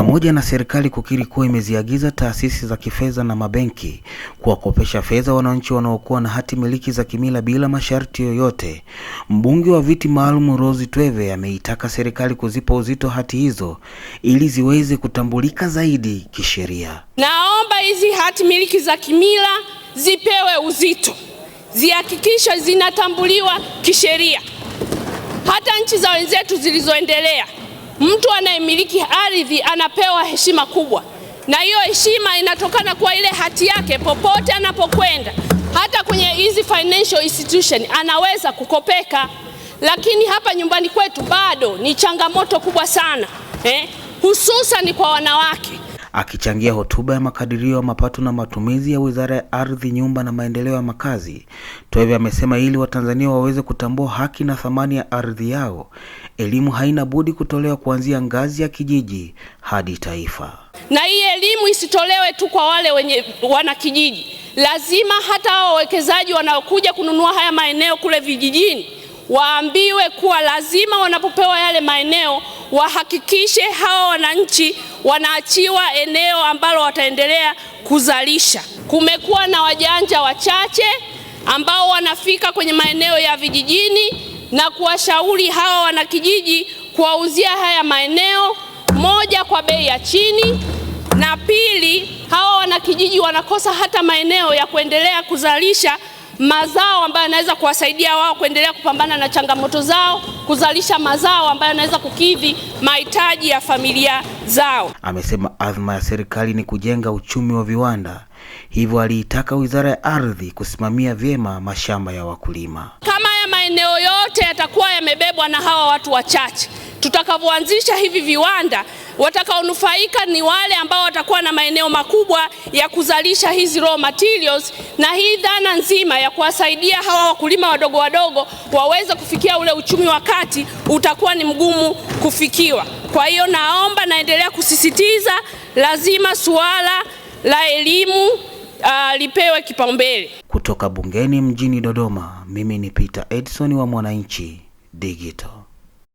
Pamoja na serikali kukiri kuwa imeziagiza taasisi za kifedha na mabenki kuwakopesha fedha wananchi wanaokuwa na hati miliki za kimila bila masharti yoyote, mbunge wa viti maalum Rose Tweve ameitaka serikali kuzipa uzito hati hizo ili ziweze kutambulika zaidi kisheria. Naomba hizi hati miliki za kimila zipewe uzito, zihakikishwe zinatambuliwa kisheria. Hata nchi za wenzetu zilizoendelea Mtu anayemiliki ardhi anapewa heshima kubwa, na hiyo heshima inatokana kwa ile hati yake. Popote anapokwenda, hata kwenye hizi financial institution anaweza kukopeka, lakini hapa nyumbani kwetu bado ni changamoto kubwa sana eh, hususan kwa wanawake. Akichangia hotuba ya makadirio ya mapato na matumizi ya Wizara ya Ardhi, Nyumba na Maendeleo ya Makazi, tweve amesema ili Watanzania waweze kutambua haki na thamani ya ardhi yao, elimu haina budi kutolewa kuanzia ngazi ya kijiji hadi taifa. Na hii elimu isitolewe tu kwa wale wenye wana kijiji, lazima hata hao wawekezaji wanaokuja kununua haya maeneo kule vijijini waambiwe kuwa lazima wanapopewa yale maeneo wahakikishe hawa wananchi wanaachiwa eneo ambalo wataendelea kuzalisha. Kumekuwa na wajanja wachache ambao wanafika kwenye maeneo ya vijijini na kuwashauri hawa wanakijiji kuwauzia haya maeneo, moja kwa bei ya chini, na pili hawa wanakijiji wanakosa hata maeneo ya kuendelea kuzalisha mazao ambayo yanaweza kuwasaidia wao kuendelea kupambana na changamoto zao, kuzalisha mazao ambayo yanaweza kukidhi mahitaji ya familia zao. Amesema azma ya serikali ni kujenga uchumi wa viwanda, hivyo aliitaka Wizara ya Ardhi kusimamia vyema mashamba ya wakulima. Kama ya maeneo yote yatakuwa yamebebwa na hawa watu wachache Tutakavyoanzisha hivi viwanda, watakaonufaika ni wale ambao watakuwa na maeneo makubwa ya kuzalisha hizi raw materials, na hii dhana nzima ya kuwasaidia hawa wakulima wadogo wadogo waweze kufikia ule uchumi wa kati utakuwa ni mgumu kufikiwa. Kwa hiyo naomba, naendelea kusisitiza, lazima suala la elimu uh, lipewe kipaumbele. Kutoka bungeni mjini Dodoma, mimi ni Peter Edson wa Mwananchi Digital.